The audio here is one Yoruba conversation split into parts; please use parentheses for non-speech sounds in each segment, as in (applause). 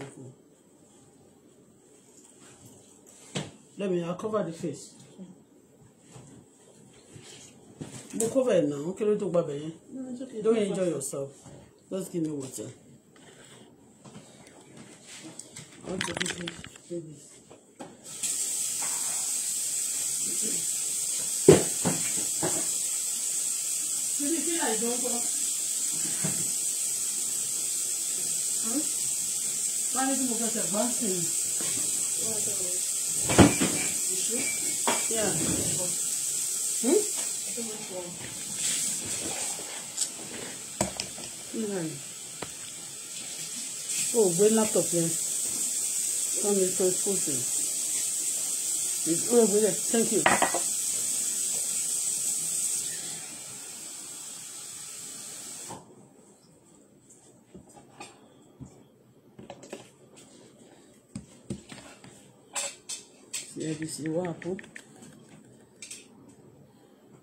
Mm-hmm. Let me, I'll cover the face. Mo cover it now. Kí ló tó Don't enjoy yourself. Just give me water. I want to give you baby. Kí ni kí àìsàn kọ́? wọ́n ní kí mo fẹsẹ̀ gbọ́n sí i. o gbé laptop yẹn wọ́n mi sọ school sí i. o thank you. this you oh.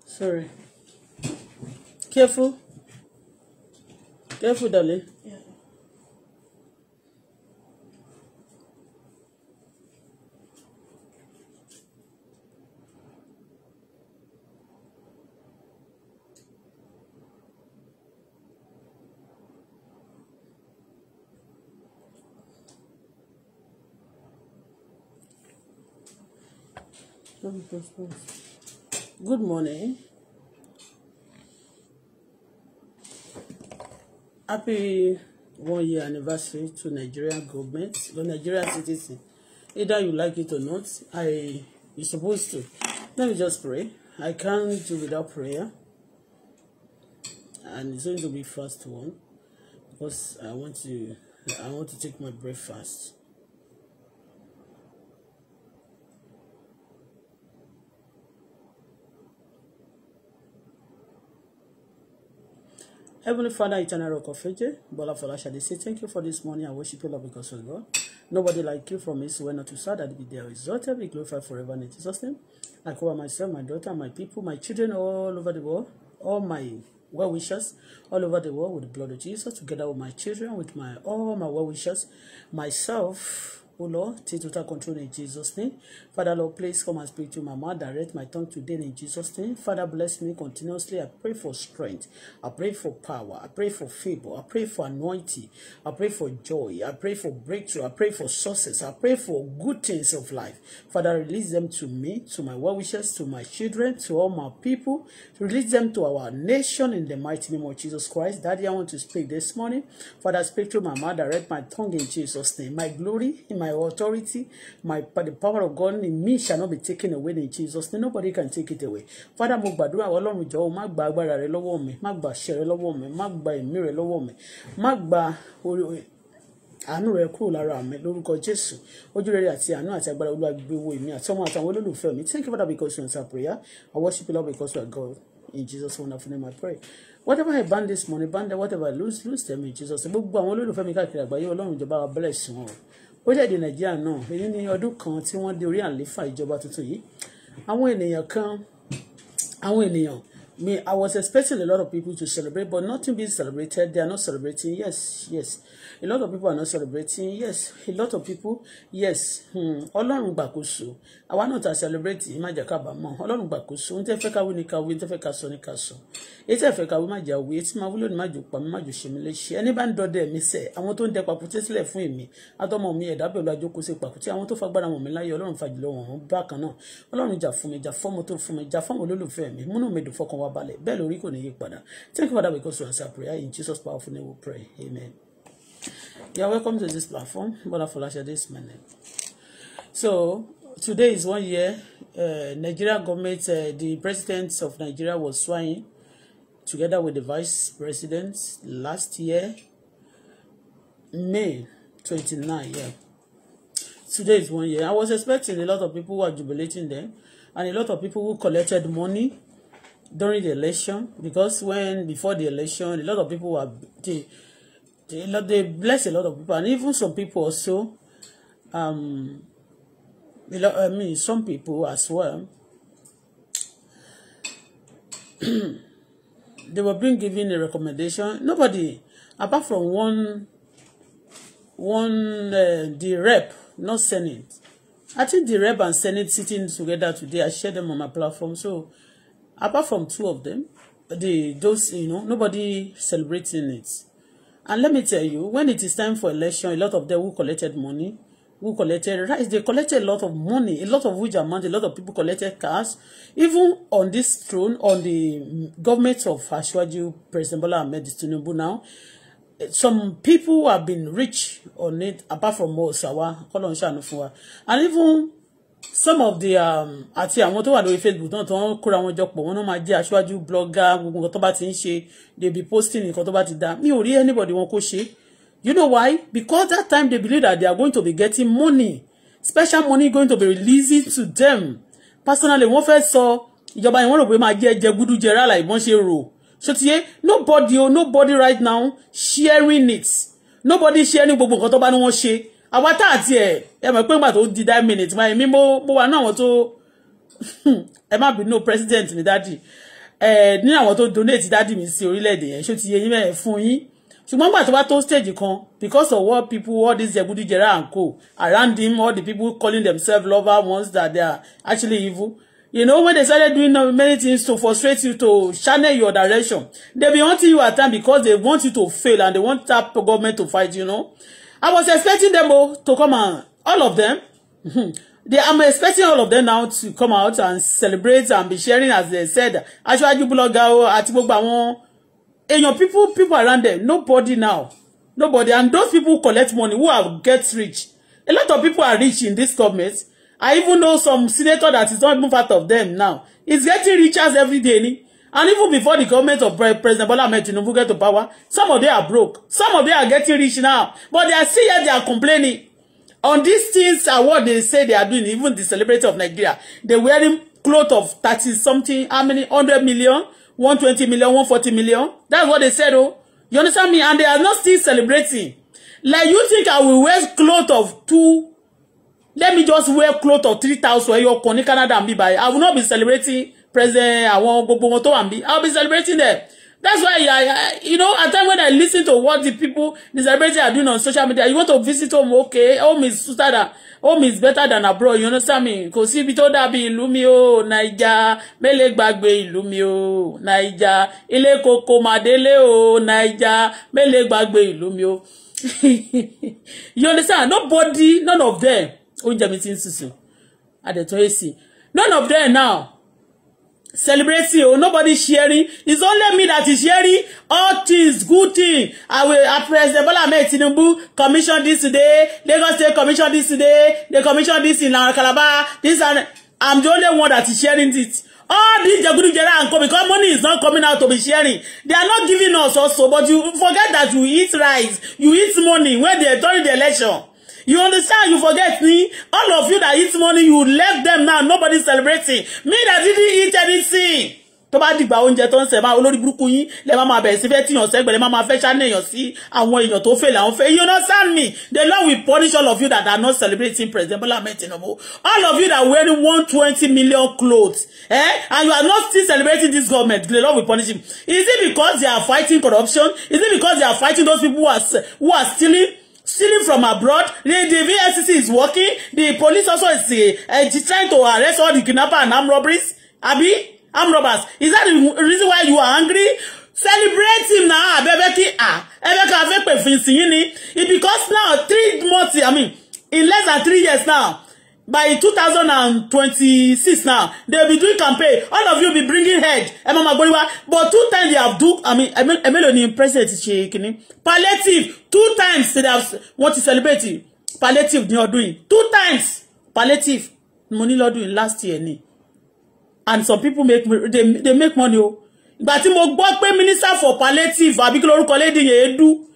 sorry careful careful darling Close, close, close. Good morning. Happy one year anniversary to Nigerian government, the Nigerian citizen. Either you like it or not, I you're supposed to. Let me just pray. I can't do without prayer. And it's going to be first one because I want to I want to take my breakfast. Heavenly Father, eternal rock of ages, Bola They say thank you for this morning. I worship you, Lord, because of God. Nobody like you from this. well, not to sad that be there exalted, be glorified forever in Jesus' name. I cover myself, my daughter, my people, my children all over the world, all my well wishers all over the world with the blood of Jesus, together with my children, with my all my well wishers, myself, O Lord, take total control in Jesus' name. Father, Lord, please come and speak to my mouth. Direct my tongue today in Jesus' name. Father, bless me continuously. I pray for strength. I pray for power. I pray for favor. I pray for anointing. I pray for joy. I pray for breakthrough. I pray for success. I pray for good things of life. Father, release them to me, to my well wishes, to my children, to all my people. Release them to our nation in the mighty name of Jesus Christ. Daddy, I want to speak this morning. Father, speak to my mouth. Direct my tongue in Jesus' name. My glory in my authority, my the power of God in me shall not be taken away in Jesus' name. Nobody can take it away. Father, mo gbàdúrà wọ́n lọ́run jọ̀ọ́ má gba agbára rẹ lọ́wọ́ mi, má gba àṣẹ rẹ lọ́wọ́ mi, má gba ẹ̀mí rẹ lọ́wọ́ mi, má gba àánú rẹ kúrò lára mi lórúkọ jésù ojú rere àti àánú àti agbára olúwa gbé owó èmi àti ọmọ àtàwọn olólùfẹ́ mi thank you father because you answer prayer i worship you lord because you are god in jesus wonderful name i pray whatever i ban this morning ban that whatever i lose lose them in jesus gbogbo àwọn olólùfẹ́ mi káàkiri àgbáyé ọlọ́run ìjọba bless you o orílẹ̀-èdè nàìjíríà náà èyí ni ọdún kan tí wọ́n dé orí àlééfà ìjọba tuntun yìí àwọn ènìyàn kan àwọn ènìyàn me, I was expecting a lot of people to celebrate, but nothing being celebrated. They are not celebrating. Yes, yes. A lot of people are not celebrating. Yes, a lot of people. Yes. Hmm, Ọlọ́run gbàkóso. Àwa náà ta celebrate má jẹ́ ká bàámọ̀. Ọlọ́run gbàkóso. Ń tẹ́ fẹ́ káwé ni káwé, ń tẹ́ fẹ́ ká sọ ni ká sọ. Ètí ẹ̀fẹ́ káwé má jà wé, ètí máa wúlò ní má jò pa má jò ṣe mí léṣe. Ẹni bá ń dọdẹ mi sẹ̀, àwọn tó ń dẹ pàkúté sílẹ̀ fún èmi. Àtọmọ mi ẹ̀dá bẹ̀rù àjókòó sí pàkúté. Àwọn tó fagbára wọ̀n mi láyé, Ọlọ́run fàjùlọ wọ̀n bákan náà. Ọlọ́run jà fún mi, jà fọ́mọ tó fún mi, jà fọ́mọ olólùfẹ́ mi. Múnú mi wa balẹ̀ bẹ́ẹ̀ lórí kò ní yí padà thank you father because you answer prayer in Jesus powerful name we pray amen you are welcome to this platform brother Folashade is my name so today is one year uh, Nigeria government uh, the president of Nigeria was sworn together with the vice president last year May twenty nine. yeah today is one year I was expecting a lot of people who are jubilating them and a lot of people who collected money during the election because when before the election a lot of people were they they, they bless a lot of people and even some people also um I mean some people as well (clears throat) they were being given a recommendation nobody apart from one one uh, the rep not senate I think the rep and senate sitting together today I share them on my platform so apart from two of them the those you know nobody celebrating it and let me tell you when it is time for election a lot of them who collected money who collected rice they collected a lot of money a lot of which amount a lot of people collected cash even on this throne on the government of Ashwaju President Bola Ahmed Tinubu now some people have been rich on it apart from Osawa Kolon Shanufuwa and even some of the um, àti àwọn tó wà lórí facebook náà tó ń kóra wọn jọ pọ̀ wọn náà máa jẹ́ aṣáájú blogger gbogbo nǹkan tó bá ti ń ṣe they be posting nǹkan tó bá ti dá mi ò rí anybody wọn kó ṣe you know why because that time they believe that they are going to be getting money special money going to be released to them personally wọ́n fẹ́ sọ ìjọba yẹn wọ́n rò pé máa jẹ́ jẹ gúdú jẹ rárá ìbọn ṣe rò ṣé nobody o nobody right now sharing it nobody sharing gbogbo nǹkan tó bá ní wọ́n ṣe àwa tá àti ẹ̀ ẹ mọ̀ pé ńgbà tó di that minute máa mi mo wà ní àwọn tó (laughs) ẹ má bínú president ní dádì ẹ ní àwọn tó donate dádì mi sí orílẹ̀-èdè yẹn ṣó ti yẹ yín mẹ́rin fún yín ṣùgbọ́n ńgbà tó bá tó stage kan because of what people all these jẹgúdú jẹrá and co around him all the people calling themselves lover ones that they are actually evil you know when they started doing many things to frustrate you to channel your direction they be hunting you at time because they want you to fail and they want that government to fight you know I was expecting them all oh, to come out, all of them. (laughs) they, I'm expecting all of them now to come out and celebrate and be sharing as they said. Aṣíwájú you blog out oh, gbogbo àwọn èèyàn people people around them nobody now nobody and those people who collect money who have get rich a lot of people are rich in this government I even know some senator that is not even part of them now he's getting richer every day. And even before the government of President Bola Ahmed Tinubu get to power, some of them are broke. Some of them are getting rich now. But they are still here, they are complaining. On these things are what they say they are doing, even the celebrity of Nigeria. They're wearing clothes of 30 something, how many, 100 million, 120 million, 140 million. That's what they said, oh. You understand me? And they are not still celebrating. Like you think I will wear clothes of two, let me just wear clothes of 3,000 or your Canada and be by. I will not be celebrating president àwọn gbogbo wọn tó wà níbí i will be celebrating there. that's why i, I you know at time when i listen to what the people the celebrities are doing on social media you want to visit home okay home is better than home is better than abroad you understand me kò sí ibi tó dàbí ìlú mi o naija mélè gbàgbé ìlú mi o naija ilé koko màdélé o naija mélè gbàgbé ìlú mi o (laughs) you understand nobody none of them oúnjẹ mi ti ń sísun adẹ̀tọ́ èsì none of them now celebrating oh nobody sharing it's only me that is sharing all things good thing i will I the Bola Tinubu commission this today Lagos State commission this today they commission this in Calabar this and i'm the only one that is sharing it all these are jagudujera and come because money is not coming out to be sharing they are not giving us also but you forget that you eat rice you eat money when they during the election You understand? You forget me. All of you that eat money, you left them now. Nobody celebrating. Me that didn't eat anything. tó bá dìgbà oúnjẹ tó ń sẹ̀ máa olórí burúkú yín lẹ́ máa máa bẹ̀rẹ̀ sí fẹ́ tíyàn sẹ́gbẹ̀rẹ̀ máa máa fẹ́ ṣáná èèyàn sí àwọn èèyàn tó fẹ́ làwọn fẹ́ you understand me the Lord will punish all of you that are not celebrating President Bola Ahmed Tinubu all of you that wearing one twenty million clothes eh and you are not still celebrating this government the Lord will punish him is it because they are fighting corruption is it because they are fighting those people who are who are stealing stealing from abroad. The, the VSCC is working. The police also is uh, trying to arrest all the kidnappers and armed robberies. Abi, armed robbers. Is that the reason why you are angry? Celebrate him now. Abebe ah. Ebe ka fe pe fin si yini. because now three months, I mean, in less than three years now, by 2026 now they'll be doing campaign all of you be bringing head ẹ máa ma but two times they have do i mean emelo ni president ṣe kìíní palliative two times they have wọ́n ti celebrate palliative They are doing. two times palliative Money ní doing last year ni and some people make they, they make money Oh, but tí mo gbọ́ pé minister for palliative àbí kí lórúkọ lady yẹn do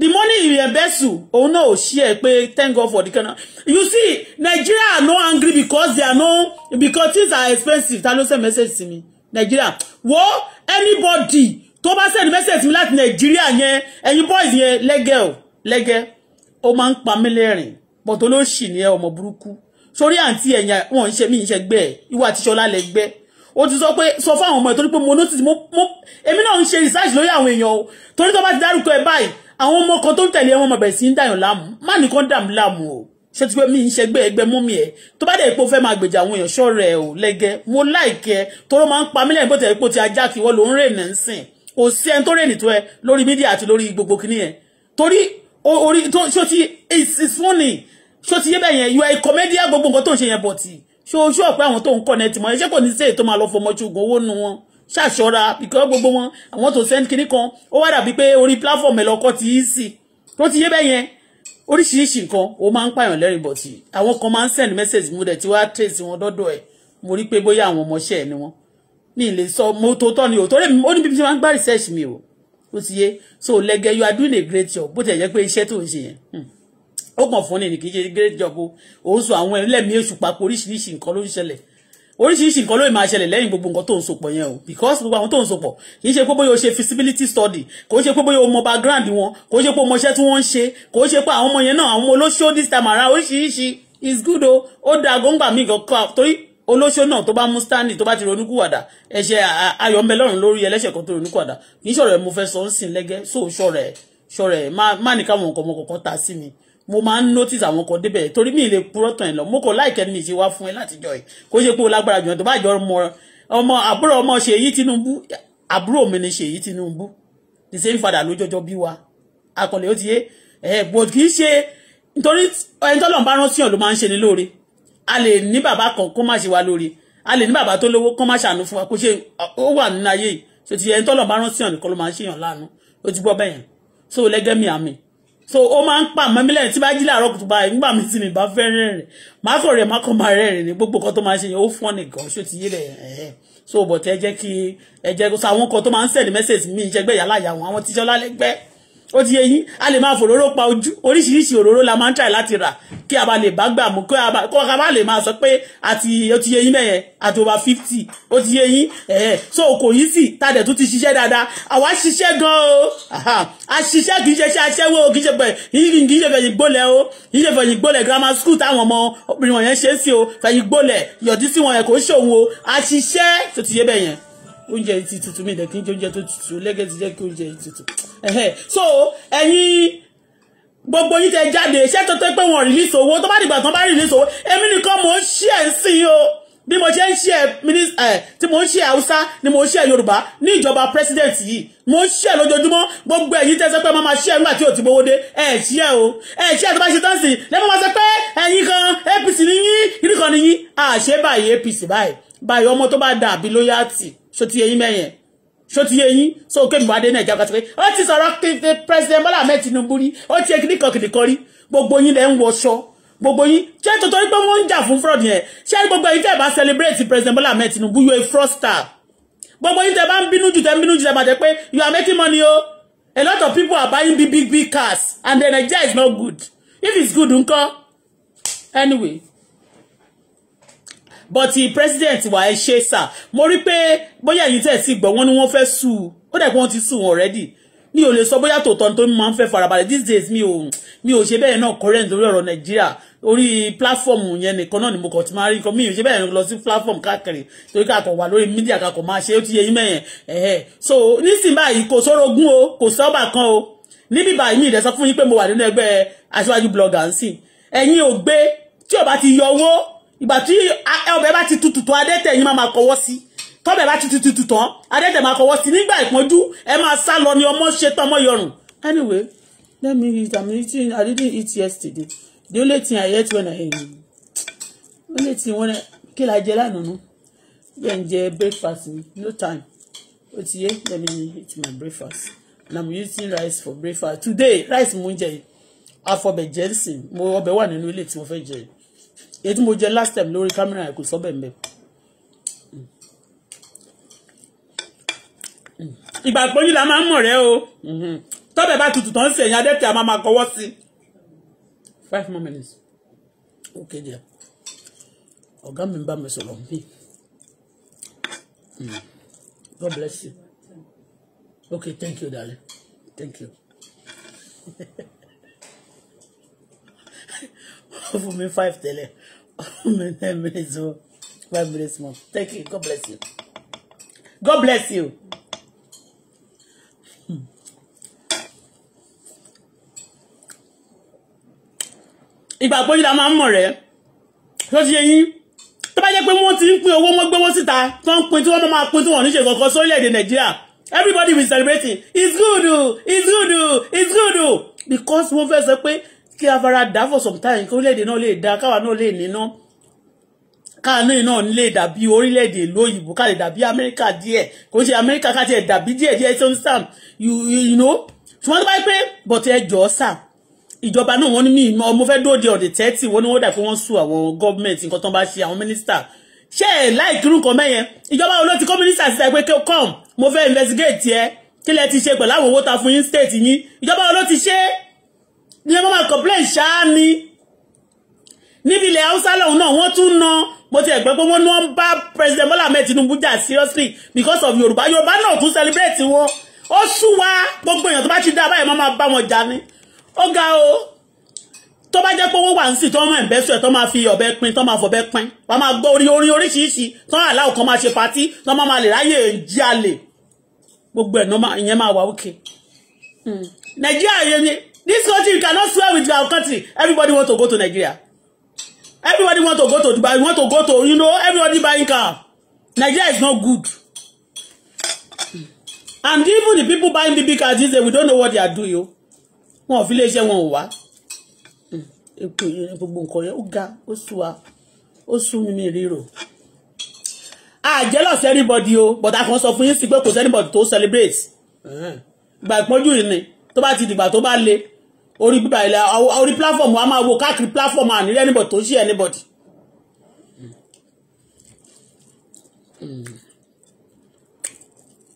the money he embezzle oh no, ò ṣí thank God for the kind you see Nigeria are no angry because they are no because things are expensive ta ló send message to me. Nigeria wo anybody tó bá send message sí mi láti Nigeria yẹn ẹ̀yin boys yẹn lẹ́gẹ̀ o Oh man, máa ń pa mí lẹ́rìn bọ̀tọ̀ ló ṣì ní ẹ ọmọ burúkú sórí àǹtí ẹ̀yà wọn ń ṣe mí ìṣe gbẹ́ ẹ̀ ìwà àtijọ́lá lẹ́gbẹ́ ó ti sọ pé sọ fún àwọn ọmọ ẹ̀ torí pé mo notice mo èmi náà ń ṣe research lórí àwọn èèyàn o torí tó bá ti dárúkọ ẹ báyìí àwọn ọmọ kan tó ń tẹ̀lé wọn bẹ̀rẹ̀ sí ń dàyàn láàmú má nìkan dàmú láàmú o ṣé ti pé mi ń ṣe gbé ẹgbẹ́ mú mi ẹ̀ tó bá dẹ̀ o fẹ́ máa gbèjà àwọn èèyàn ṣọ́ọ̀rẹ́ ò lẹ́gẹ́ mo láìkẹ́ tóró máa ń pa mílẹ̀ nípò tẹ̀ ipò ti ajá kí wọ́n ló ń rèèyàn ń sìn kò sí ẹni tó rèèyàn tó ẹ lórí mídíà àti lórí gbogbo kìíní yẹn torí orí tó ṣó ti it's funny ṣó ti yé bẹ́ẹ̀ yẹn you are a comedian gbogbo nǹkan tó ń ṣe yẹn bọ̀tì ṣó ṣó ọ̀pẹ́ àwọn tó ń kọ́ nẹ́tì mọ́ ẹ ṣé kò ní sí èyí tó máa lọ fọmọ́ ṣoògùn owó nu wọn ṣàṣọra because gbogbo wọn àwọn tó send kinní kan ó wá dàbí pé orí platform ẹ̀ lọ́kọ́ ti í sí tó ti yé bẹ́ẹ̀ yẹn oríṣiríṣi nǹkan ó máa ń pààyàn lẹ́rìn bọ̀tì àwọn kan máa ń send message mo dẹ̀ ti wá trace wọn dọ́dọ̀ ẹ̀ mo rí pé bóyá àwọn ọmọọṣẹ́ ẹ̀ ni wọ́n ní ilé sọ mo tó tọ́ ni ò torí ó ní bí ṣe máa ń gbá research mi o ó ti yé so lẹ́gẹ̀ you are doing a great job bó ti jẹ́ pé iṣẹ́ tó ń ṣe yẹn hmm. ó kàn fún ni kì í ṣe great job o òun sọ àwọn ẹlẹ́mìí èṣù papọ̀ oríṣiríṣi nǹkan ló ń ṣẹlẹ̀ oríṣiríṣi nǹkan ló máa ṣẹlẹ̀ lẹ́yìn gbogbo nǹkan tó ń sopọ̀ yẹn o because gbogbo àwọn tó ń sopọ̀ kì í ṣe pé bóyá o ṣe feasibility study kò ṣe pé bóyá o mọ background wọn kò ṣe pé o mọṣẹ́ tí wọ́n ń ṣe kò ṣe pé àwọn ọmọ yẹn náà àwọn olóṣó this time around oríṣiríṣi is good o ó da góńgbà míì kankan torí olóṣó náà tó bá mú stanley tó bá ti ronú kúwàdà ẹ̀ṣẹ̀ ayọ̀mbẹ lọ́rùn lórí ẹlẹ́ṣẹ̀ kan tó ronú kúwàdà kì í ṣọ̀rọ̀ ẹ̀ mo fẹ́ so ṣọ̀rọ̀ ẹ̀ ṣọ̀rọ̀ ẹ̀ má nìkan àwọn nǹkan ọmọ kọ̀ọ̀kan mo máa ń notice àwọn kan débẹ̀ torí mi lè purọ́ tàn ẹ̀ lọ mo kò láìkẹ́ mi ti wá fún ẹ láti jọ ẹ̀ kó ṣe pé o lágbára jùlọ tó bá jọ ọmọ ọmọ àbúrò ọmọ Ṣèyí Tinubu àbúrò mi ni Ṣèyí Tinubu the same father ló jọjọ bí wa akọ̀lẹ̀ ó ti yé ẹ̀ bò kì í ṣe nítorí ẹni tó lọ́n bá rán síyàn ló máa ń ṣe ni lóore a lè ní bàbá kan kó má ṣe wa lóore a lè ní bàbá tó lówó kó má ṣàánú fún wa kó ṣe ó wà nínú ayé yìí so ti ẹni tó lọ́n bá rán síyàn nìkan ló máa ń ṣèyàn láàánú ó ti gbọ́ bẹ́yẹn so lẹ́gẹ́ mi àmì so ó máa ń pa àmọ́ mi lẹ́yìn tí bá jí láàárọ̀ kùtùkùtù báyìí nígbà mi tí mi bá fẹ́ rẹ́rìn má kò rẹ̀ má kò máa gbogbo kan tó máa ṣe yẹn ó fún gan ṣó ti yé rẹ̀ so bọ̀tẹ́ ẹ jẹ́ kí ẹ jẹ́ kó sọ àwọn kan tó máa ń send message mi ìjẹgbẹ́ yàrá ìyàwó àwọn tíṣọ́ lálẹ́gbẹ́ ó ti yé yín a lè máa fòróró pa ojú oríṣiríṣi òróró la máa ń tàì láti rà kí a bá lè bá gbà mú kí a bá lè máa sọ pé àti ó ti yé mẹ́yẹn àti over fifty ó ti yé yín ẹ̀ẹ́ so kò yí sì tàdẹ̀ tó ti ṣiṣẹ́ dáadáa àwa ṣiṣẹ́ gan o a ṣiṣẹ́ kì í ṣe ṣe aṣẹ́wó kì í ṣe fẹ̀yìn kì í ṣe fẹ̀yìn gbólẹ̀ o kì í ṣe fẹ̀yìn gbólẹ̀ grammar school táwọn ọmọ obìnrin wọ̀nyẹn ṣe é sí o fẹ̀yìn gbólẹ̀ yọ̀dí sí wọn yẹn kò ń ṣòwò a tó ti yé bẹ́yẹn oúnjẹ ti tutù mi ìdẹ̀kí oúnjẹ tó tutù lẹ́gẹ̀ẹ́ ti jẹ́ kí oúnjẹ tutù so ẹ̀yin gbogbo yín tẹ jáde iṣẹ́ tó tẹ́ pé wọ́n release owó tó bá dìgbà tán bá release owó èmi nìkan mò ń ṣí ẹ̀ sí i o bí mo ṣe ń ṣe ẹ̀ tí mo ń ṣe Haúsá ni mo ń ṣe Yorùbá ní ìjọba president yìí mo ń ṣe lójoojúmọ́ gbogbo ẹ̀yin tẹ́sẹ́ pé máa ma ṣe nígbà tí ò ti gbowó dé ẹ̀ ṣe o ẹ̀ ṣe tó bá ṣe tán sí lẹ́mọ̀ wá sọ pé ẹ̀yin kan APC ni yín kìnnìkan ni yín àṣẹ báyìí APC báyìí báyìí ọmọ tó bá dà bí lóyàtì ṣó ti eyín mẹ́yẹn ṣó ti eyín so kémi wá dé nàìjíríà kàtó pé ó ti sọ̀rọ̀ kíkẹ́ president Bọ́lá Ahmed Tinubu rí ó ti ekiri kan kìnìkan rí gbogbo yín lẹ́ ń wọṣọ gbogbo yín ṣé tòtòrí pé wọ́n ń jà fún fraud yẹn ṣé gbogbo yín tẹ̀ bá celebrate president Bọ́lá Ahmed Tinubu you a fraudster gbogbo yín tẹ̀ bá ń bínú jù tẹ̀ ń bínú jù tẹ̀ bá you are making money o a lot of people are buying big big big cars and the Nigeria is not good if it's good ńkọ́ anyway but president wa ẹ ṣe sà mo rí pé bóyá ẹ̀yin tẹ̀ ti gbọ́ wọn ni wọ́n fẹ́ sù ú ó dẹ̀ pé wọ́n ti sù wọn already mi ò lè sọ bóyá tòótọ́ tó máa ń fẹ́ farabalẹ̀ these days mi ò mi ò ṣe bẹ́ẹ̀ náà current lórí ọ̀rọ̀ nàìjíríà orí platform yẹn nìkan náà ni mo kàn ti máa rí nǹkan mi ò ṣe bẹ́ẹ̀ lọ sí platform káàkiri torí káàkọ̀ wà lórí mídíà káàkọ̀ máa ṣe ó ti yẹ yín mẹ́yẹn so nísìnyí báyìí kò sọ̀rọ̀ ogún o kò sọ́ọ̀bà kan o níbí báyìí mi ìdẹ́sọ fún yín pé mo wà nínú ẹgbẹ́ aṣáájú blogger ń sìn ẹ̀yin ò gbé tí ò bá ti yọ owó ìgbà tí ọbẹ̀ bá ti tutù tán adẹ́tẹ̀ yín máa máa kọwọ́ sí tọ́bẹ̀ bá ti tutù tán adẹ́tẹ̀ máa kọwọ́ sí nígbà ìpọ́njú ẹ máa sá lọ ni ọmọ ṣe tán ọmọ yọrùn. anyway let me eat i'm eating i didn't eat yesterday the only thing i ate when i ate only thing when i kí la jẹ lánàá nù bẹ́ẹ̀ ń jẹ breakfast ni no time ó ti yé let me eat my breakfast and i'm using rice for breakfast today rice mo ń jẹ yìí afọbẹ̀ jẹ́ sìn mo ọbẹ̀ wà nínú ilé tí mo fẹ́ jẹ yìí èyí tí mo jẹ last time lórí kámẹ́rà yẹn kò sọ bẹ́ẹ̀ mbẹ́. ìgbà ìpọ́njú la máa ń mọ̀ rẹ́ o tọ́bẹ̀ bá tutù tán sí ẹ̀yìn adẹ́tẹ̀ a máa máa kọwọ́ sí. five more minutes. ok dear ọ̀gá mi ń bá mi sọ̀rọ̀ ń God bless you. Okay, thank you, darling. Thank you. (laughs) fún mi five tẹ́lẹ̀ ten minutes more, five Thank you. God bless you. God bless you. Hmm. Ìgbàgbọ́ yìí la máa ń mọ̀ rẹ̀. Tó ti yẹ yín. Tó bá jẹ́ pé wọ́n ti ń pín owó wọ́n gbé wọ́n síta. Tó ń pín tí wọ́n máa pín tí wọ́n ní ṣe kankan sórílẹ̀-èdè Nàìjíríà. Everybody will be celebrating. It's good o! It's good o! It's good o! Because wọ́n fẹ́ sọ pé kí afárá dá for some time kí orílẹ̀-èdè náà lè dá káwa náà lè níná káàánú iná lè dàbí orílẹ̀-èdè lóyìnbó ká lè dàbí amẹ́ríkà díẹ̀ kò ń ṣe amẹ́ríkà ká tiẹ̀ dàbí díẹ̀ díẹ̀ tó ń sàn you you know ṣùgbọ́n tó bá yẹ pé bọ̀tí ẹ jọ sà ìjọba náà wọ́n ní mí ọmọ fẹ́ dóde ọ̀dẹ̀ tẹ́tì wọ́n ní wọ́n dà pé wọ́n sùn àwọn gọ́ọ̀mẹ̀ntì nǹkan tó ń bá ṣe àwọn mínísítà ṣé ẹ láì kírú nǹkan mẹ́yẹn ìjọba wo ló ti kó mínísítà síta pé kí o come mo fẹ́ investigate ẹ kí lẹ ti ṣe pẹ̀lú àwọn owó ta fún yín state yín ìjọba wo ló ti ṣe é ilẹ̀ mọ́ máa complain ṣáá ni níbi ilẹ̀ haúsá lọ́hùn náà wọ́n tún ná mo ti ẹ̀gbẹ́ pé wọ́n ná bá president Bọ́lá Ahmed Tinubu jà seriously because of Yorùbá Yorùbá náà tún celebrate wọn ó ṣùwà gbogbo èèyàn tó bá ti dá báyìí mọ́ máa bá wọn jà ni ó ga o tó bá jẹ́ pé owó wà ń sì tó máa ń bẹ́ sùn ẹ̀ tó máa fi ọ̀bẹ pin tó máa fọ̀bẹ pin wọ́n máa gbọ́ orin orin oríṣiríṣi tó máa láwù kan máa ṣe patí tó máa lè ráyè jalè gbogbo ẹ̀ ìyẹn máa wà òkè hmm. nàìjíríà yẹn This country, you cannot swear with your country. Everybody want to go to Nigeria. Everybody want to go to Dubai. Want to go to, you know, everybody buying car. Nigeria is not good. And even the people buying BB cars these days, we don't know what they are doing. Oh. Wọn ò fi one. ṣe wọn ò wá. Èpè gbogbo nǹkan yẹn ó jealous everybody o oh. but a kàn sọ fún yín sí pé kò sẹ́nibọ̀dì tó celebrate. Ìgbà ìpọ́njú yìí ni tó bá ti dìgbà tó bá le orí bíbá ilẹ̀ orí platform wa máa wo káàkiri platform àní anybody tó ṣí anybody.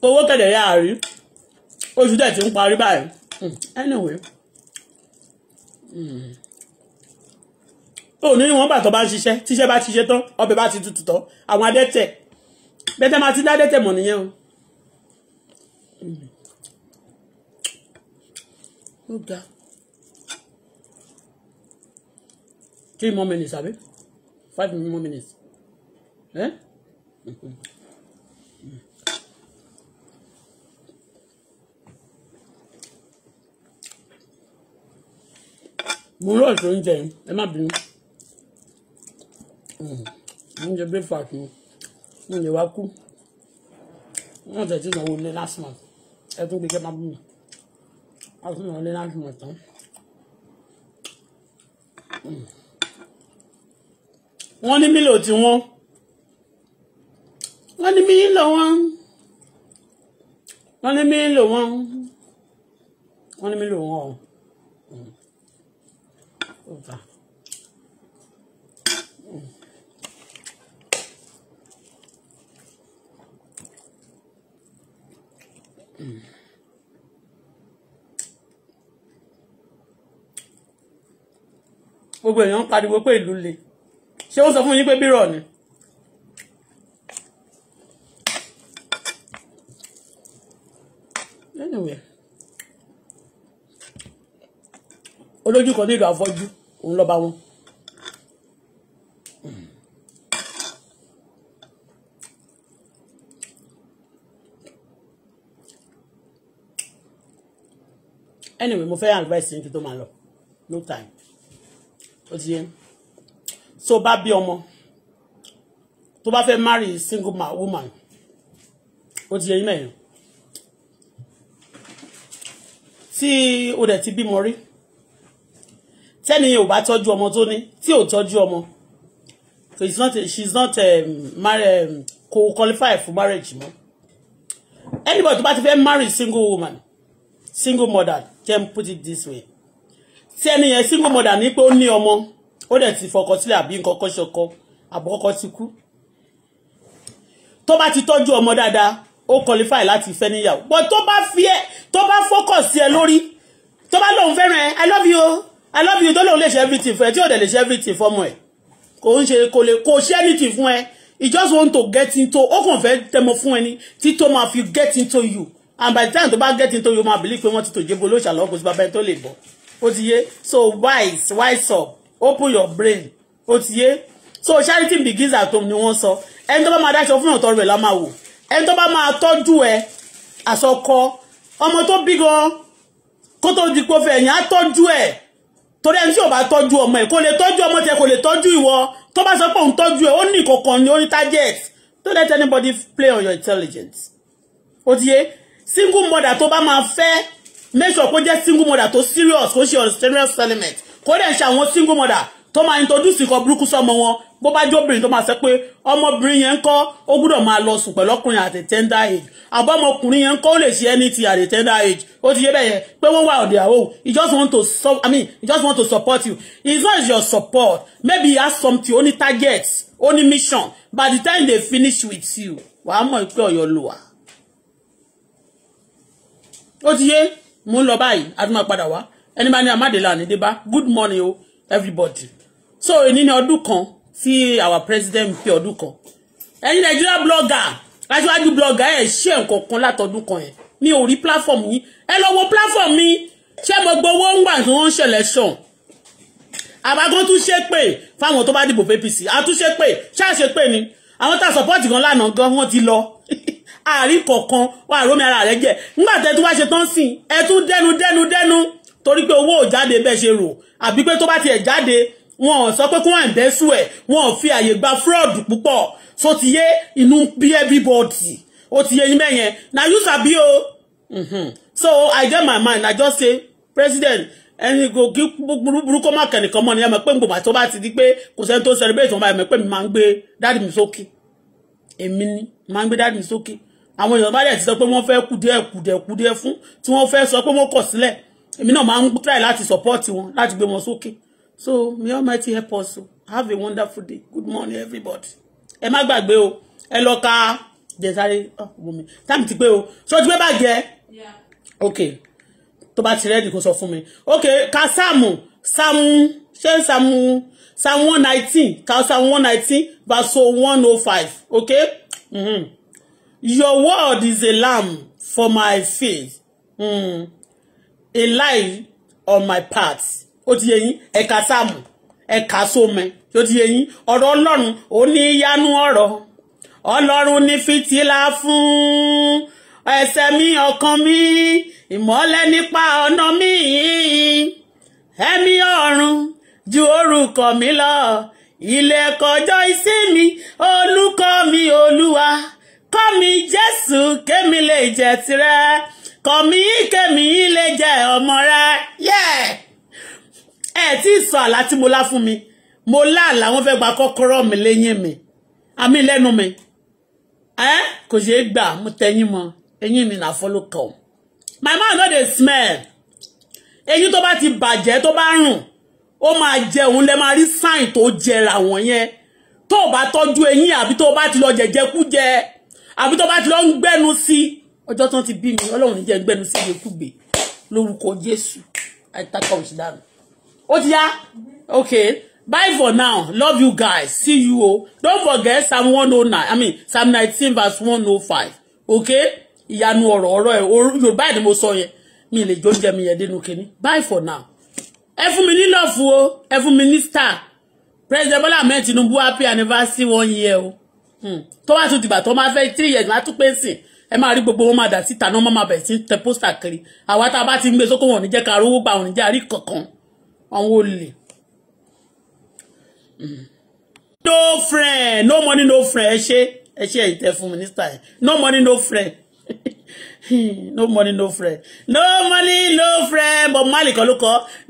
owó kẹ̀dẹ̀ yà á rí oṣù dẹ̀ ti ń parí báyìí anyway ó ní wọn bàtọ̀ bá ń ṣiṣẹ́ tíṣẹ́ bá ti ṣe tán ọbẹ̀ bá ti tutù tán àwọn adẹ́tẹ̀ bẹ́tẹ̀ máa ti dá adẹ́tẹ̀ mọ̀ nìyẹn o. ó ga. three more minutes abi five more minutes. Eh? Mm-hmm. mo rọ ìṣó ń jẹ ẹ má bínú oúnjẹ breakfast mi oúnjẹ wa kú wọn tẹ̀ tí ìnáwó lé last month ẹ tún gbé kẹ́ má bínú wọn tún ìnáwó lé last month tán. Mm wọ́n ní mílò tiwọn wọ́n ní mílò wọn wọ́n ní mílò wọn wọ́n ní mílò wọn o. Mm. gbogbo èèyàn ń pariwo pé ìlú le ṣé ó sọ fún yín pé bírọ̀ ni. anyway olójú kan nílò afọ́jú òun lọ́ba wọn. anyway mo fẹ́ advice yín kí tó máa lọ no time ó ti yẹn tó bá bí ọmọ tó bá fẹ́ marry single man woman ó ti yẹ yín mẹ́rin tí o dẹ̀ ti bímọ rí tẹ́ni ò bá tọ́jú ọmọ tó ní tí ò tọ́jú ọmọ so it's not she's not um, married um, kò qualify for marriage mọ́ anybody tó bá ti fẹ́ marry single woman single mother can put it this way tí ẹni yẹn single mother ní pé ó ní ọmọ ó dẹ̀ ti fọkọ sílẹ̀ àbí nǹkan kan ṣọkọ àbọ̀kọ́kọ́ ti kú tó bá ti tọ́jú ọmọ dáadáa ó qualify láti fẹ́ níyàwó but tó bá fi ẹ tó bá focus sí ẹ lórí tó bá lóun fẹ́ràn ẹ i love you i love you tó lóun lè ṣe everything fún ẹ tí ò dẹ̀ lè ṣe everything fọ́mọ ẹ kò ń ṣe kò lè kò ṣe anything fún ẹ he just want to get into ó kàn fẹ́ tẹmọ fún ẹni tí tó máa fi get into you and by the time tó bá get into you máa believe pé wọ́n ti tòjé bo lóṣàlọ́ kò sí bàbá ẹ tó lè bọ̀ ó ti yé so wise wise up open your brain ó ti yé so charity begins at home ni wọ́n sọ ẹni tó bá máa dáṣọ fún ìràntọ́ rẹ̀ la máa wò ẹni tó bá máa tọ́jú ẹ àsọkọ ọmọ tó bí gan kó tó di pé fẹ̀yìn á tọ́jú ẹ̀ torí ẹni tí ò bá tọ́jú ọmọ ẹ̀ kò lè tọ́jú ọmọ tẹ kò lè tọ́jú ìwọ tó bá sọ pé òun tọ́jú ẹ̀ ó ní ìkọ̀kan ní orí target don't let anybody play on your intelligence ó ti yé single mother tó bá máa fẹ́ make sure kó jẹ́ single mother tó serious kó ṣe on serious element kó dẹ̀ ń ṣe àwọn single mother tó máa introduce nǹkan burúkú sọmọ wọn bó bá jóbìnrin tó máa sọ pé ọmọbìnrin yẹn ń kọ́ ó gbúdọ̀ máa lọ sùn pẹ̀lú ọkùnrin at a tender age àbọ̀mọkùnrin yẹn ń kọ́ ó lè ṣe anything at a tender age ó ti yé bẹ́ẹ̀ yẹn pé wọ́n wà ọ̀dẹ̀ àwọ̀ he just want to so i mean he just want to support you it's not your support maybe he has something ó ní target Only mission by the time they finish with you wàá mọ̀ pé ọ̀yọ́ lò wá. ó ti yé mò ń lọ báyìí a tún máa padà wá Anybody bá ní amádélà nídé bá good morning o everybody so èyí ní ọdún kan tí our president pé ọdún kan ẹ̀yin Nigeria blogger aṣíwájú blogger ẹ ṣe nǹkan kan látọdún kan yẹn mi ò platform yín ẹ lọ wo platform mi ṣé mo gbowó ń gbà tí wọ́n ń ṣẹlẹ̀ sàn àbágán tún ṣe pé fáwọn tó bá dìbò pé APC àtúnṣe pé ṣáàṣe pé ni àwọn tá a sọpọ́ọ̀tì gan lánàá gan wọ́n ti lọ àárín kọ̀ọ̀kan wà rómi ara rẹ̀ jẹ́ nígbà tẹ́ tó wá ṣe ton sìn E tún denu denu denu torí pé owó ò jáde bẹ́ẹ̀ ṣe rò àbí pé tó bá tiẹ̀ jáde wọn ò sọ pé kí wọ́n ẹ̀ǹdẹ́sù ẹ̀ wọn ò fi àyè gba fraud púpọ̀ so ti yé inú bí everybody ó ti yé yín mẹ́yẹn na you sabi o mhm. so i get my mind i just say president ẹni kò kí burúkú má kẹ̀nìkan mọ́ ni ẹ mọ̀ pé gbogbo àti tó bá ti di pé kò sẹ́ni tó ń celebrate wọn báyìí mọ̀ pé mi máa ń gbé dáàdì mi sókè èmi ni máa ń gbé dáàdì mi sókè àwọn èèyàn bá dẹ̀ ti sọ pé wọ́n fẹ́ kùdíẹ̀ kùdíẹ̀ kùdíẹ̀ fún tí wọ́n fẹ́ sọ pé wọ́n kọ̀ sílẹ̀ èmi náà máa ń try láti support wọn láti gbé wọn sókè so may almighty help us have a wonderful day good morning everybody ẹ má gbàgbé o ẹ lọ ka jẹsàre ah, ọmọ táàmì ti pé o ṣé o ti pé Yeah. Okay. To ba ti rẹ́ẹ̀dì kó sọ fún mi ok ka Samu. Samu ṣé sáàmù sáàmù one nineteen ka one nineteen verse one oh five ok mm-hmm. your word is a lamp for my feet. Mm a lie on my part ó ti yé yín ẹ̀ka sáàmù ẹ̀ka sómẹ ó ti yé yín ọ̀rọ̀ ọlọ́run ó ní yánú ọ̀rọ̀ ni ní fìtílà fún ẹsẹ̀ mi ọkàn mi ìmọ́lẹ̀ nípa ọ̀nà mi ẹ̀mí ọ̀run ju orúkọ mi lọ ilé kọjọ́ ìsinmi olùkọ́ mi olúwa kọ́ mi jésù kémi lè jẹ́ tirẹ̀ kọ̀mí kèmí lè jẹ́ ọmọ rẹ̀ yẹ́ ẹ̀ tí ì sọ àlá tí mo lá fún mi mo láàlá wọn fẹ́ gba kọ́kọ́rọ́ mi lẹ́yìn mi àmì lẹ́nu mi ẹ́ kò ṣeé gbà mo tẹ́yìn mọ́ eyín mi nà follow come my mouth no dey smell eyín tó bá ti bàjẹ́ tó bá rùn ó máa jẹun lẹ́ máa rí sign tó jẹra wọ̀n yẹn tó o bá tọ́jú eyín àbí tó o bá ti lọ jẹjẹkújẹ àbí tó o bá ti lọ ń gbẹ́nu sí i ọjọ́ tó ti bí mi ọlọ́run níjẹ́ gbẹ́nu sí ìgbékúgbé lórúkọ jésù àìtàkà òṣìdánù ó ti yá okay bye for now love you guys see you o don't forget psalm one oh nine i mean psalm nineteen verse one oh five okay ìyanu ọ̀rọ̀ ọ̀rọ̀ ẹ̀ yorùbá ẹ̀ ni mo sọ yẹn mi lè jó jẹ́ mi yẹn dénú kínní bye for now ẹ fún mi ní lọ́ọ̀fù o ẹ fún mi ní star president Bola Ahmed Tinubu happy anniversary one year o hmm. tó bá tún dìgbà tó máa fẹ́ three years máa tún pé sìn ẹ máa rí gbogbo wọn máa dà síta náà máa bẹ̀rẹ̀ sí tẹ pósítà kiri àwa tá a bá ti ń gbé sókò wọn ò ní gba wọn ò ní jẹ́ àrí kankan àwọn olè. no friend no money no friend ẹ ṣe ẹ ṣe ẹ̀yìn tẹ fún mínísítà (laughs) no money no friend no money no friend no money no friend but mali kan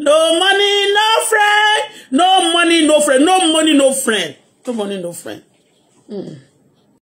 no money no friend no money no friend no money no friend no money no friend. Mm.